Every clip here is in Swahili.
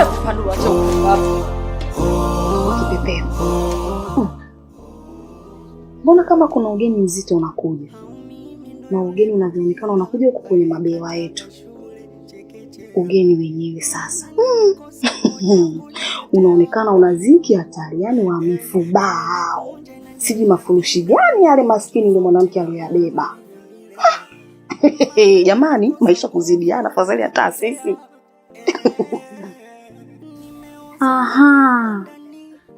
Mm. Mbona kama kuna ugeni mzito unakuja, na ugeni unavyoonekana unakuja huko kwenye mabewa yetu, ugeni wenyewe sasa mm. unaonekana unaziki hatari, yani wamefubao, sijui mafurushi gani yale, maskini ndio mwanamke aliyabeba Jamani, maisha kuzidiana, fadhali hata sisi Aha.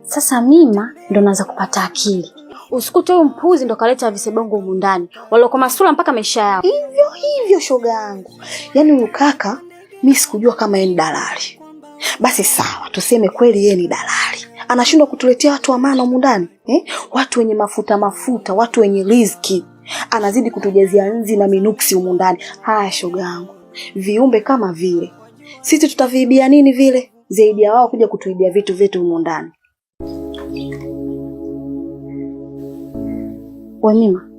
Sasa Mima ndo naanza kupata akili. Usikute huyu mpuzi ndo kaleta visebongo humu ndani, waliokuwa masula mpaka maisha yao. Hivyo hivyo, shoga yangu, yaani huyu kaka mi sikujua kama yeye ni dalali. Basi sawa, tuseme kweli yeye ni dalali, anashindwa kutuletea watu wa maana humu ndani eh? watu wenye mafuta mafuta, watu wenye riziki, anazidi kutujazia nzi na minuksi humu ndani. Haya shoga yangu, viumbe kama vile sisi tutaviibia nini vile? zaidi ya wao kuja kutuibia vitu vyetu humu ndani. Wemima,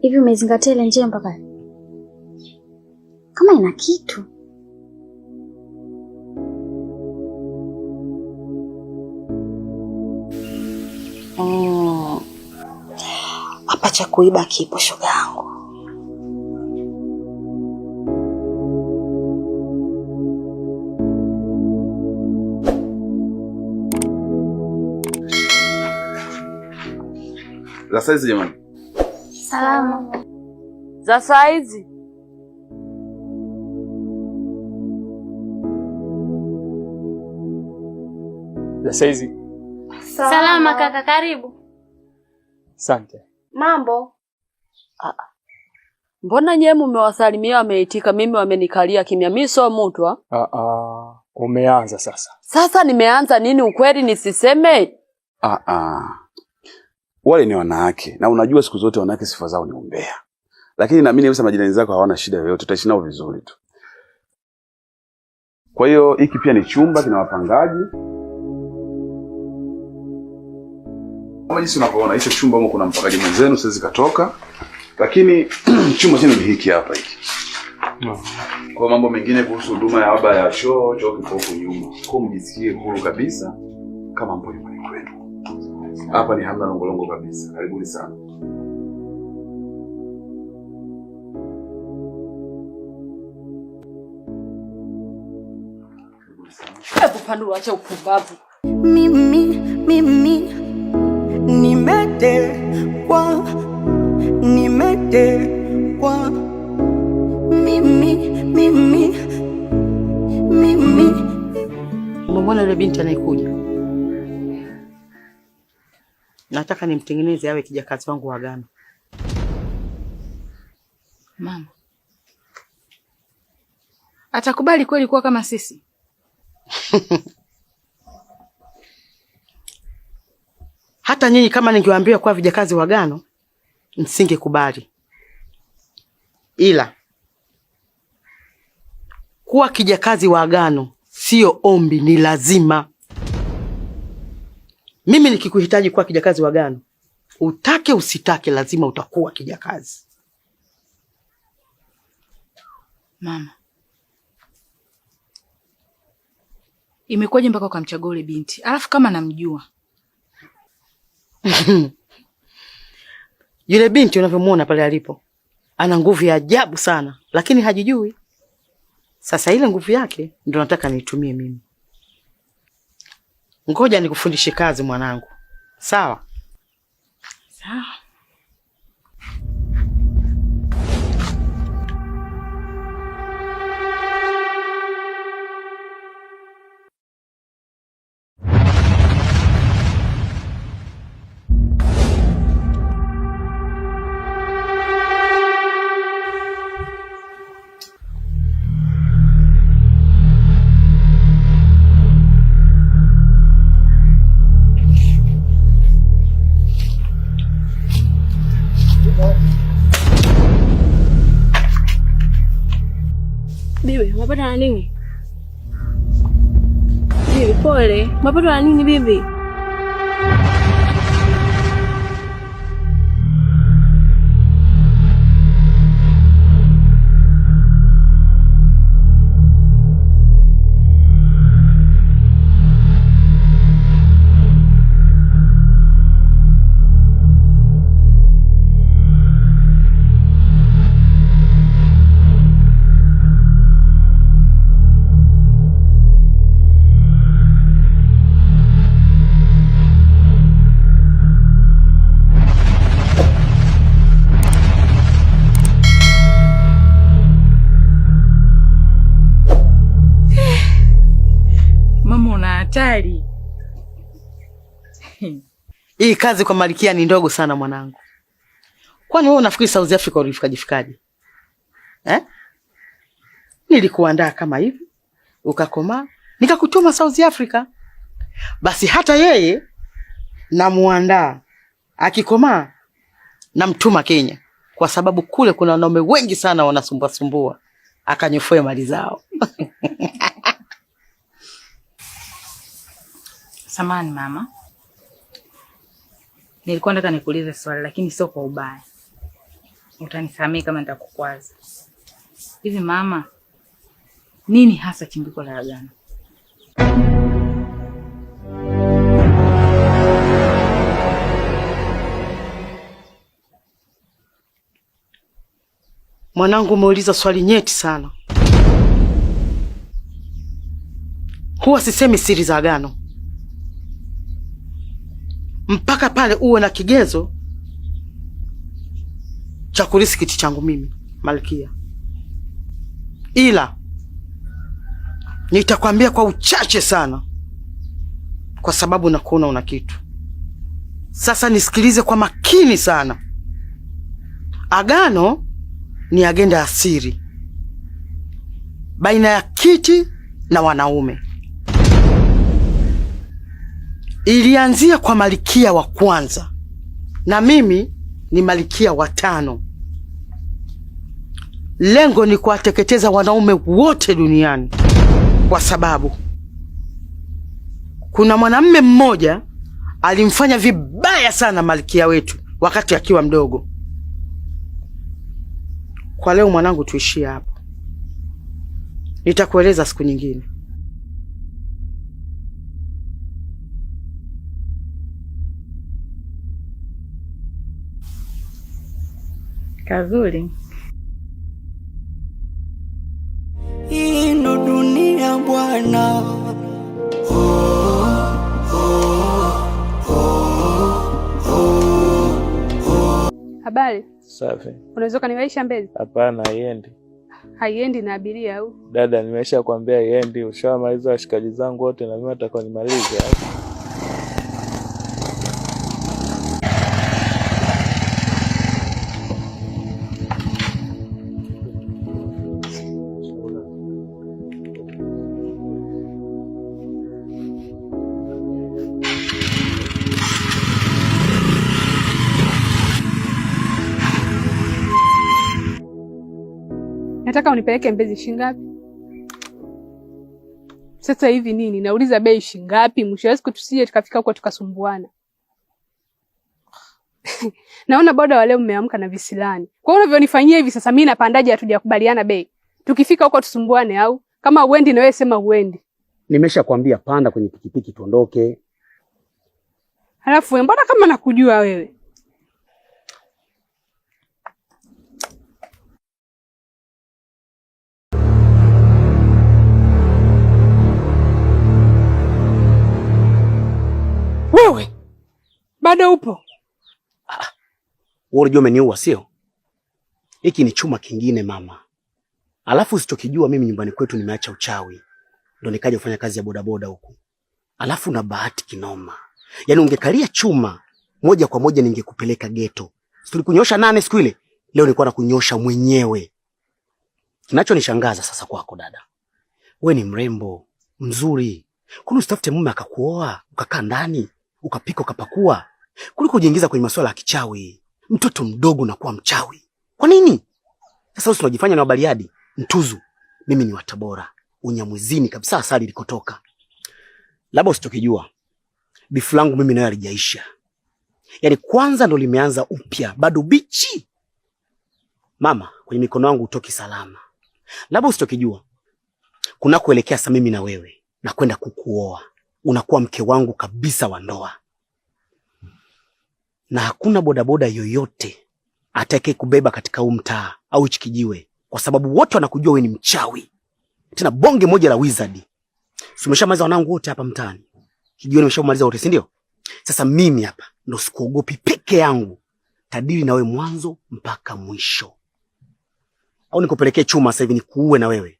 hivi umezingatia ile njia mpaka kama ina kitu mm. hapa? Oh, cha kuiba kipo shoga. saa jamani? Salama. Za saizi Za saa Salama. Salama kaka, karibu. Asante. Mambo? Ah. ah. Mbona nyewe mumewasalimia wameitika, mimi wamenikalia kimya, mimi sio Ah ah. umeanza sasa. Sasa nimeanza nini? Ukweli nisiseme? ah. ah wale ni wanawake, na unajua siku zote wanawake sifa zao ni umbea, lakini naamini kabisa majirani zako hawana shida yoyote, utaishi nao vizuri tu. Kwa hiyo hiki pia ni chumba kina wapangaji kama jinsi unavyoona, hicho chumba huko kuna mpangaji mwenzenu, siwezi katoka, lakini chumba chenu ni hiki hapa hiki Kwa mambo mengine kuhusu huduma ya baba ya choo choo kipo huko nyuma, kwa mjisikie huru kabisa kama mpo nyumbani. Hapa ni hamna longolongo kabisa. Karibuni sana. Hebu Pandu, acha upumbavu. Mimi mimi nimetekwa, nimetekwa. Mimi mimi mimi. Mbona yule binti anaikuja? Nataka nimtengeneze awe kijakazi wangu wa gano. Mama atakubali kweli kuwa kama sisi? Hata nyinyi kama ningewaambia kuwa vijakazi wa Ghana msingekubali, ila kuwa kijakazi wa gano sio ombi, ni lazima. Mimi nikikuhitaji kuwa kijakazi wa gano, utake usitake, lazima utakuwa kijakazi. Mama, imekuwaje mpaka ukamchagua ule binti, alafu kama namjua yule binti unavyomuona pale alipo, ana nguvu ya ajabu sana, lakini hajijui. Sasa ile nguvu yake ndo nataka niitumie mimi. Ngoja nikufundishe kazi mwanangu, sawa sawa. Umepatwa na nini bibi? daktari. Hii kazi kwa Malikia ni ndogo sana mwanangu. Kwani wewe unafikiri South Africa ulifikaje Eh? Nilikuandaa kama hivi, ukakomaa, nikakutuma South Africa. Basi hata yeye namuandaa, akikomaa namtuma Kenya, kwa sababu kule kuna wanaume wengi sana wanasumbua sumbua, akanyofoe mali zao Samani mama, nilikuwa nataka nikuulize swali lakini sio kwa ubaya, utanisamehe kama nitakukwaza. Hivi mama, nini hasa chimbiko la agano? Mwanangu, umeuliza swali nyeti sana. Huwa sisemi siri za agano mpaka pale uwe na kigezo cha kurisi kiti changu mimi malkia, ila nitakwambia kwa uchache sana, kwa sababu nakuona una kitu. Sasa nisikilize kwa makini sana. Agano ni agenda ya siri baina ya kiti na wanaume ilianzia kwa malikia wa kwanza na mimi ni malikia wa tano. Lengo ni kuwateketeza wanaume wote duniani, kwa sababu kuna mwanamume mmoja alimfanya vibaya sana malikia wetu wakati akiwa mdogo. Kwa leo mwanangu, tuishie hapo, nitakueleza siku nyingine. Kazuri. Hii ndo dunia bwana. Habari. Safi. Unaweza ukaniwaisha Mbezi? Hapana, haiendi. Haiendi na abiria au? Dada, nimesha kuambia haiendi. Ushawamaliza washikaji zangu wote, na mimi nataka nimalize Unataka unipeleke Mbezi shingapi? Sasa hivi nini? Nauliza bei shingapi? Mwisho wa siku tusije tukafika huko tukasumbuana. Naona boda wale mmeamka na visilani. Kwa hiyo unavyonifanyia hivi sasa mimi napandaje hatujakubaliana bei? Tukifika huko tusumbuane au? Kama uendi na wewe sema uendi. Nimeshakwambia panda kwenye pikipiki tuondoke. Halafu mbona kama nakujua wewe? Wewe bado upo? Wewe unajua umeniua sio? Hiki ni chuma kingine mama. Alafu usichokijua mimi nyumbani kwetu nimeacha uchawi, ndo nikaja kufanya kazi ya bodaboda huku. Alafu na bahati kinoma, yaani ungekalia chuma moja kwa moja ningekupeleka geto. Tulikunyosha nane siku ile, leo nilikuwa nakunyosha mwenyewe. Kinachonishangaza sasa kwako dada, we ni mrembo mzuri, kwani usitafute mume akakuoa ukakaa ndani? ukapika ukapakua, kuliko ujiingiza kwenye masuala ya kichawi. Mtoto mdogo unakuwa mchawi kwa nini? Sasa wewe unajifanya ni Wabariadi mtuzu, mimi ni Watabora unyamwizini kabisa, asali ilikotoka. Labda usitokijua bifu langu mimi nayo alijaisha, yaani kwanza ndo limeanza upya, bado bichi mama, kwenye mikono yangu utoki salama. Labda usitokijua kunakoelekea sasa mimi na wewe nakwenda kukuoa unakuwa mke wangu kabisa wa ndoa, na hakuna bodaboda yoyote atake kubeba katika huu mtaa au hichi kijiwe, kwa sababu wote wanakujua wewe ni mchawi, tena bonge moja la wizard. Si wanangu wote hapa mtaani, kijiwe nimeshamaliza wote, si ndio? Sasa mimi hapa ndo sikuogopi peke yangu, tadili na wewe mwanzo mpaka mwisho. Au nikupelekee chuma sasa hivi nikuue na wewe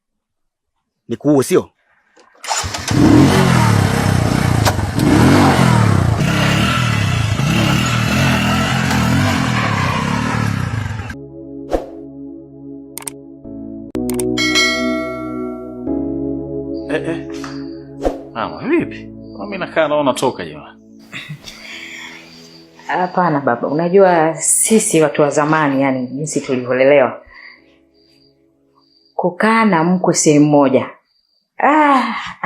nikuue, sio? vipi? Mimi nakaa naona toka jamani. Hapana baba, unajua sisi watu wa zamani, yani jinsi tulivyolelewa kukaa na mkwe sehemu moja, ah,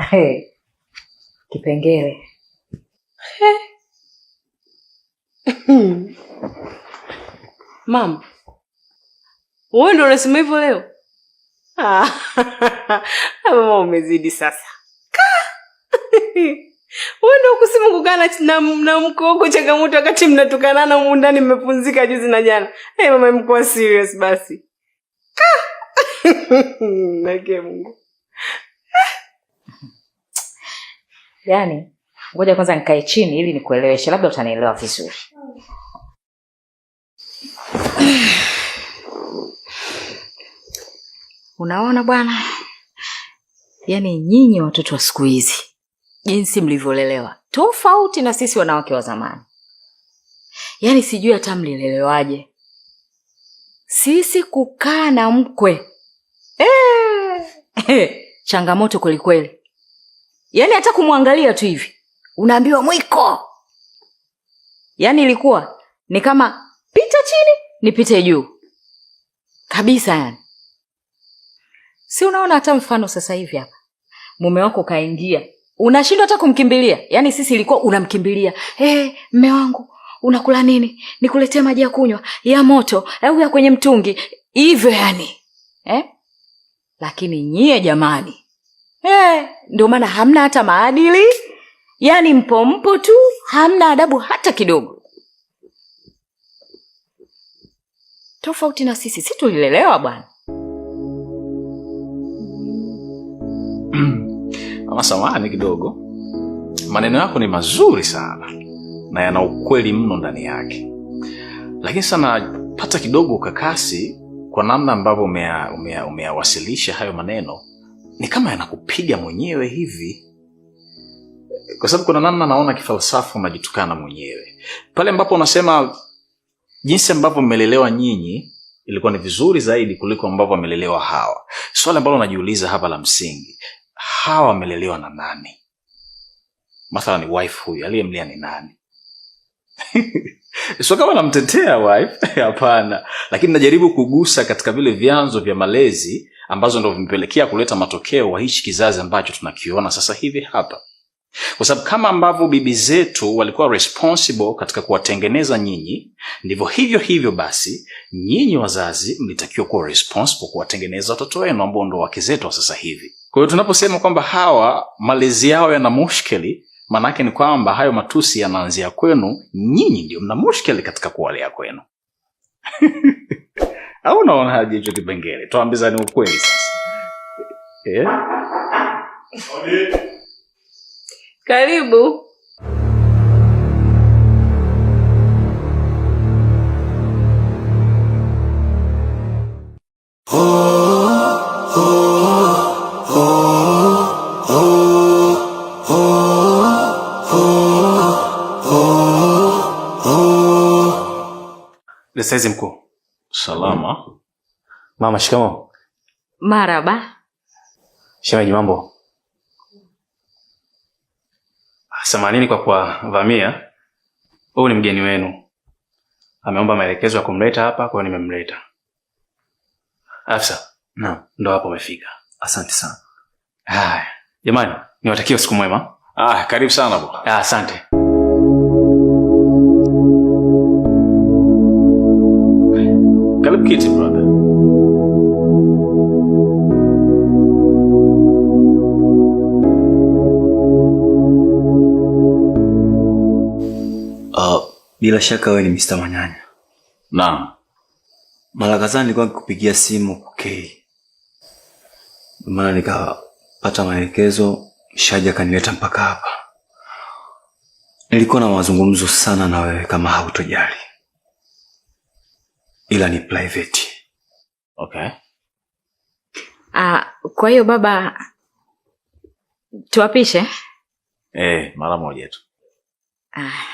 hey. Kipengele Mama wewe ndio unasema hivyo leo? Ah, mama umezidi sasa. ndio kusema kukana na, na mkoko changamoto wakati mnatukanana humu ndani mmepunzika juzi na jana. Hey, eh, mama imekuwa serious basi. Nake Mungu. Yaani, ngoja kwanza nikae chini ili nikueleweshe, labda utanielewa vizuri. Unaona bwana? Yaani nyinyi watoto wa siku hizi jinsi mlivyolelewa tofauti na sisi wanawake wa zamani. Yaani sijui hata mlilelewaje. Sisi kukaa na mkwe eee, changamoto kwelikweli. Yaani hata kumwangalia tu hivi unaambiwa mwiko. Yaani ilikuwa ni kama pita chini nipite juu kabisa. Yani si unaona hata mfano sasa hivi hapa mume wako kaingia unashindwa hata kumkimbilia. Yaani sisi ilikuwa unamkimbilia, eh, mme wangu unakula nini? Nikuletee maji ya kunywa ya moto au ya kwenye mtungi hivyo yani eh? Lakini nyie jamani eh, ndio maana hamna hata maadili yani, mpompo tu, hamna adabu hata kidogo, tofauti na sisi, si tulilelewa bwana ama samani kidogo, maneno yako ni mazuri sana na yana ukweli mno ndani yake, lakini sana pata kidogo ukakasi kwa namna ambavyo umeyawasilisha hayo maneno, ni kama yanakupiga mwenyewe hivi, kwa sababu kuna namna naona kifalsafa unajitukana mwenyewe pale ambapo unasema jinsi ambavyo mmelelewa nyinyi ilikuwa ni vizuri zaidi kuliko ambavyo amelelewa hawa. Swali ambalo najiuliza hapa la msingi, hawa wamelelewa na nani? ni wife huyu aliyemlea ni nani? so kama namtetea wife, hapana, lakini najaribu kugusa katika vile vyanzo vya malezi ambazo ndo vimepelekea kuleta matokeo wa hichi kizazi ambacho tunakiona sasa hivi hapa, kwa sababu kama ambavyo bibi zetu walikuwa responsible katika kuwatengeneza nyinyi, ndivyo hivyo hivyo basi nyinyi wazazi mlitakiwa kuwa responsible kuwatengeneza watoto wenu ambao ndo wake zetu wa sasa hivi. Kwa hiyo tunaposema kwamba hawa malezi yao yana mushkeli, maanake ni kwamba hayo matusi yanaanzia kwenu, nyinyi ndio mna mushkeli katika kuwalea kwenu au unaona haja hicho kipengele, ni ukweli sasa eh? Karibu. Ni saizi mkuu. Salama. Mama, shikamo. Maraba. Shemeji, mambo. Samanini kwa kuwavamia. Huyu ni mgeni wenu, ameomba maelekezo ya kumleta hapa, kwa hiyo nimemleta. Afsa, naam, ndo hapo umefika. Asante sana. Haya jamani, niwatakie usiku mwema. Ah, karibu sana bwana. Ah, asante. Help Kitty brother. Uh, bila shaka wewe ni Mr. Manyanya. Naam. Mara kadhaa nilikuwa nikupigia simu kukei. Maana nikapata maelekezo Shaja kanileta mpaka hapa. Nilikuwa na mazungumzo sana na wewe kama hautojali ila ni private. Okay. Ah, kwa hiyo baba tuwapishe? Eh, mara moja tu. Ah.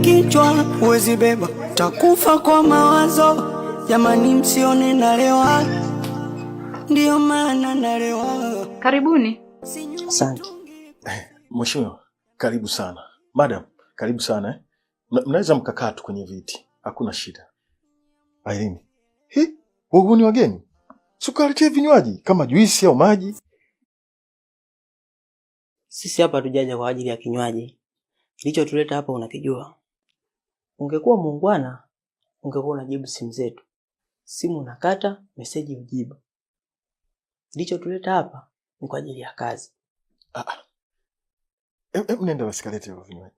kichwa huwezi beba, takufa kwa mawazo. Jamani, msione nalewa, ndiyo maana nalewa. Karibuni. Asante mheshimiwa. Karibu sana madam, karibu sana eh. Mnaweza mkakaa tu kwenye viti, hakuna shida. Aileen, hi wewe ni wageni, sikaletea vinywaji kama juisi au maji? Sisi hapa hatujaja kwa ajili ya kinywaji, kilichotuleta hapa unakijua. Ungekuwa muungwana, ungekuwa unajibu simu zetu, simu unakata, meseji ujibu. ndicho tuleta hapa ni kwa ajili ya kazi. Ah, ah. nenda usikalete hivyo vinywaji.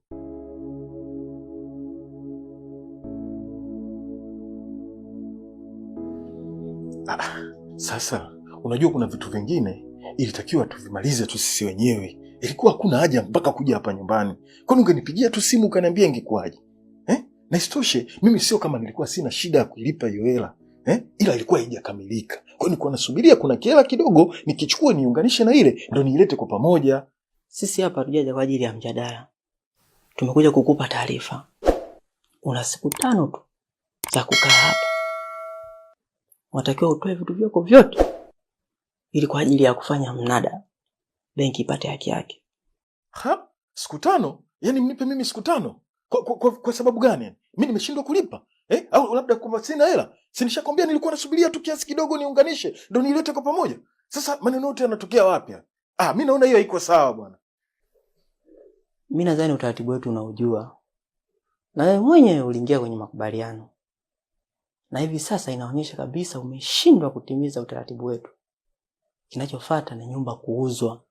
Ah, sasa unajua kuna vitu vingine ilitakiwa tuvimalize tu sisi wenyewe. Ilikuwa hakuna haja mpaka kuja hapa nyumbani, kwani ungenipigia tu simu ukaniambia ingekuwaje? Na isitoshe mimi sio kama nilikuwa sina shida ya kuilipa hiyo hela eh? Ila ilikuwa haijakamilika, kwao hiyo nilikuwa nasubiria kuna kihela kidogo nikichukua niunganishe na ile ndo niilete kwa pamoja. Sisi hapa hatujaja kwa ajili ya mjadala, tumekuja kukupa taarifa. Una siku tano tu za kukaa hapa, unatakiwa utoe vitu vyako vyote ili kwa ajili ya kufanya mnada benki ipate haki yake. siku tano? yani mnipe mimi siku tano? kwa, kwa, kwa, kwa sababu gani? mi nimeshindwa kulipa eh? Au labda kwamba sina hela? Sinishakwambia nilikuwa nasubiria tu kiasi kidogo niunganishe ndo nilete kwa pamoja. Sasa maneno yote yanatokea wapya? Ah, mi naona hiyo haiko sawa bwana. Mi nadhani utaratibu wetu unaujua, na wewe mwenyewe uliingia kwenye makubaliano, na hivi sasa inaonyesha kabisa umeshindwa kutimiza utaratibu wetu. Kinachofata ni nyumba kuuzwa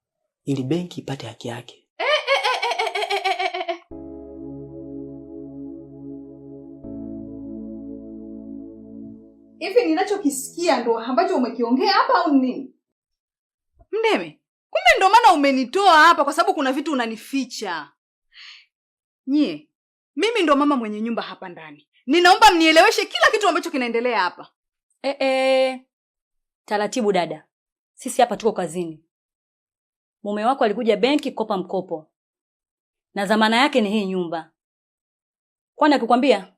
ili benki ipate haki yake. unachokisikia ndo ambacho umekiongea hapa au nini? Mdeme, kumbe ndo maana umenitoa hapa, kwa sababu kuna vitu unanificha. Nyie, mimi ndo mama mwenye nyumba hapa ndani, ninaomba mnieleweshe kila kitu ambacho kinaendelea hapa. Eh, eh. taratibu dada, sisi hapa tuko kazini. Mume wako alikuja benki kopa mkopo na dhamana yake ni hii nyumba. Kwani akikwambia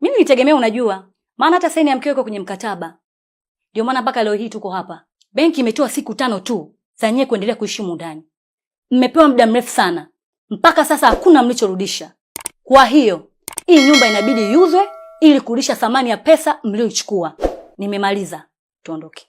mimi nitegemea, unajua maana hata saini ya mkeo iko kwenye mkataba. Ndio maana mpaka leo hii tuko hapa. Benki imetoa siku tano tu za nyewe kuendelea kuishi humu ndani. Mmepewa muda mrefu sana, mpaka sasa hakuna mlichorudisha. Kwa hiyo hii nyumba inabidi iuzwe ili kurudisha thamani ya pesa mlioichukua. Nimemaliza, tuondoke.